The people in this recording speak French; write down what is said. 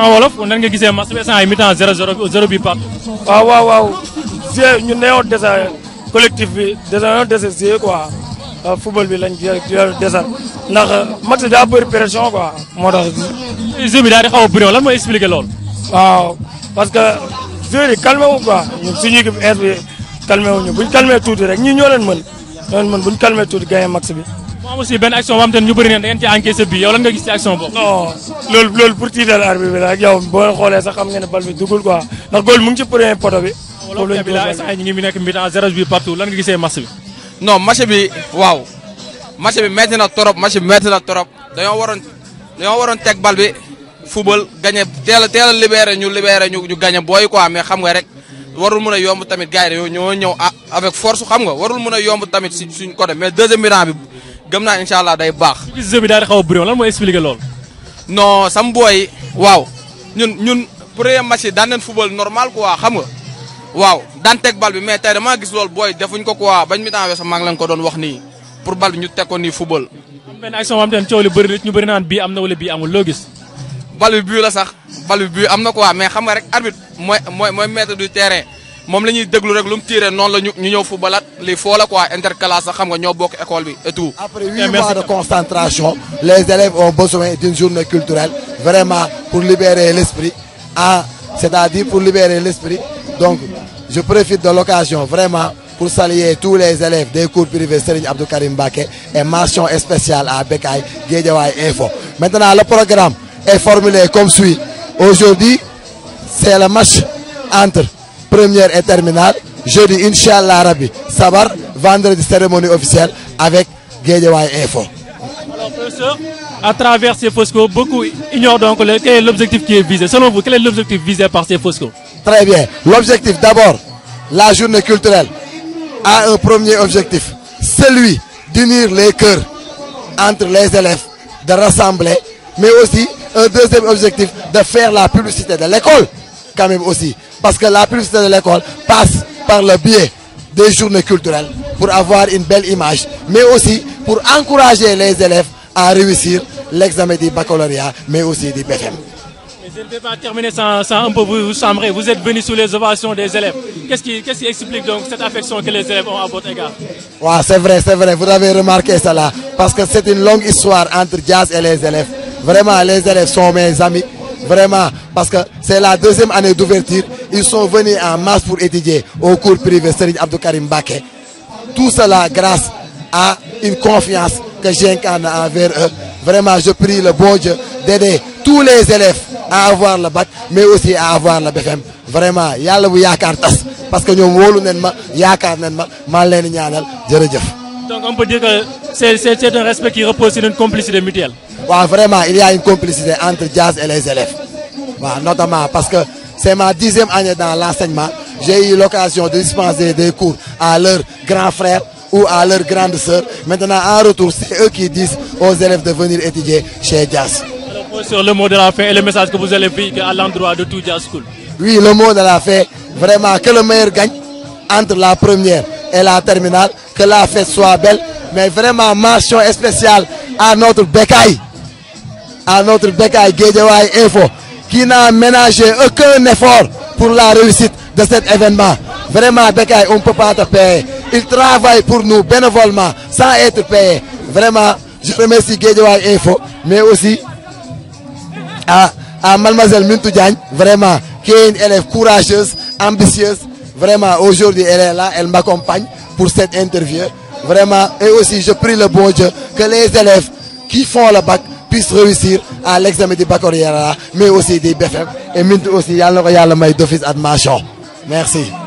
en wolof nan nga gisee bi instant yi mi-temps zéro zéro bi part. Ah, waaw waaw waaw GIE ñu neewoon desa collectif bi desa non desa GIE quoi ah, football bi la jël desa ndax match daa bëri pression quoi moo tax. jeu bi daal di xaw a bëri lan mooy expliquer loolu. waaw parce que joueurs yi calmé wu quoi ñun suñu équipe aise bi calmé wu ñu buñ calmé tuuti rek ñii ñoo leen mën ñoo leen mën buñ calmé bi. am aussi benn action bi yow lan nga gis ci waaw match bi métti na trop match bi métti na trop dañoo waroon dañoo waroon teg bal bi football gagné teel a teel a libéré ñu libéré ñu ñu gagné booy quoi mais xam nga rek. warul mën a yomb tamit gars yi dañoo ñëw ah, avec force xam nga warul mën a yomb tamit si suñ côté mais deuxième bi gëm naa incha allah day baax. su gis jeu bi daal di xaw a lan mooy expliqué loolu. non sam booy waaw ñun ñun premier match yi daan nañ football normal quoi xam nga waaw daan teg bal bi mais tey damaa gis lool booy defuñ ko quoi bañ mi temps weesu maa ngi leen ko doon wax nii pour bal bi ñu teg ko nii football. am benn action boo xam ne coow li bëri ñu bëri naan bii am na wala bii amul loo gis. bal bi bii la sax bal bi bii am na quoi mais xam nga rek arbitre mooy mooy mooy maître après huit eh, mois de concentration les élèves ont besoin d'une journée culturelle vraiment pour libérer l'esprit ah, c'est-à-dire pour libérer l'esprit donc je profite de l'occasion vraiment pour saluer tous les élèves des cours privés Serigne Abdou Karim Baké et mention spéciale à Bekay et Info. Maintenant, le programme est formulé comme suit. Aujourd'hui, c'est le match entre première et terminale. Jeudi, Inch'Allah Rabbi, Sabar, vendredi cérémonie officielle avec Guédiawaï Info. Alors, monsieur, à travers ces FOSCO, beaucoup ignorent donc quel est l'objectif qui est visé. Selon vous, quel est l'objectif visé par ces FOSCO Très bien. L'objectif, d'abord, la journée culturelle a un premier objectif, celui d'unir les cœurs entre les élèves, de rassembler, mais aussi un deuxième objectif, de faire la publicité de l'école, quand même aussi parce que la publicité de l'école passe par le biais des journées culturelles pour avoir une belle image, mais aussi pour encourager les élèves à réussir l'examen du baccalauréat, mais aussi du BFM. je ne vais pas terminer sans, un peu vous, vous Vous êtes venu sous les ovations des élèves. Qu'est-ce qui, explique donc cette affection que les élèves ont à votre égard C'est vrai, c'est vrai. Vous avez remarqué cela. Parce que c'est une longue histoire entre jazz et les élèves. Vraiment, les élèves sont mes amis. Vraiment, parce que c'est la deuxième année d'ouverture. Ils sont venus en masse pour étudier au cours privé Serigne Abdou Karim Baké. Tout cela grâce à une confiance que j'incarne envers eux. Vraiment, je prie le bon Dieu d'aider tous les élèves à avoir le bac, mais aussi à avoir le BFM. Vraiment, yalla bu Yakar tass parce que ñom wolu nen ma yakar nen ma ma ñaanal jërëjëf. Donc on peut dire que c'est un respect qui repose sur une complicité mutuelle. vraiment, il y a une complicité entre Jazz et les élèves. Bah, notamment parce que c'est ma dixième année dans l'enseignement. J'ai eu l'occasion de dispenser des cours à leurs grands frères ou à leurs grandes sœurs. Maintenant, en retour, c'est eux qui disent aux élèves de venir étudier chez Jazz. sur le mot de la fin et le message que vous allez vivre à l'endroit de tout Jazz School. Oui, le mot de la fin, vraiment, que le meilleur gagne entre la première et la terminale, que la fête soit belle, mais vraiment, mention spéciale à notre bécaille, à notre bécaille Guédiawaï Info qui n'a ménagé aucun effort pour la réussite de cet événement. Vraiment, Bekaï, on ne peut pas te payer. Il travaille pour nous bénévolement, sans être payé. Vraiment, je remercie Guédiouaï Info, mais aussi à, Mademoiselle Mintou vraiment, qui est une élève courageuse, ambitieuse. Vraiment, aujourd'hui, elle est là, elle m'accompagne pour cette interview. Vraiment, et aussi, je prie le bon Dieu que les élèves qui font le bac puisse réussir à l'examen des baccalauréat, mais aussi des BFM et aussi à y a yàlla may d'office admission merci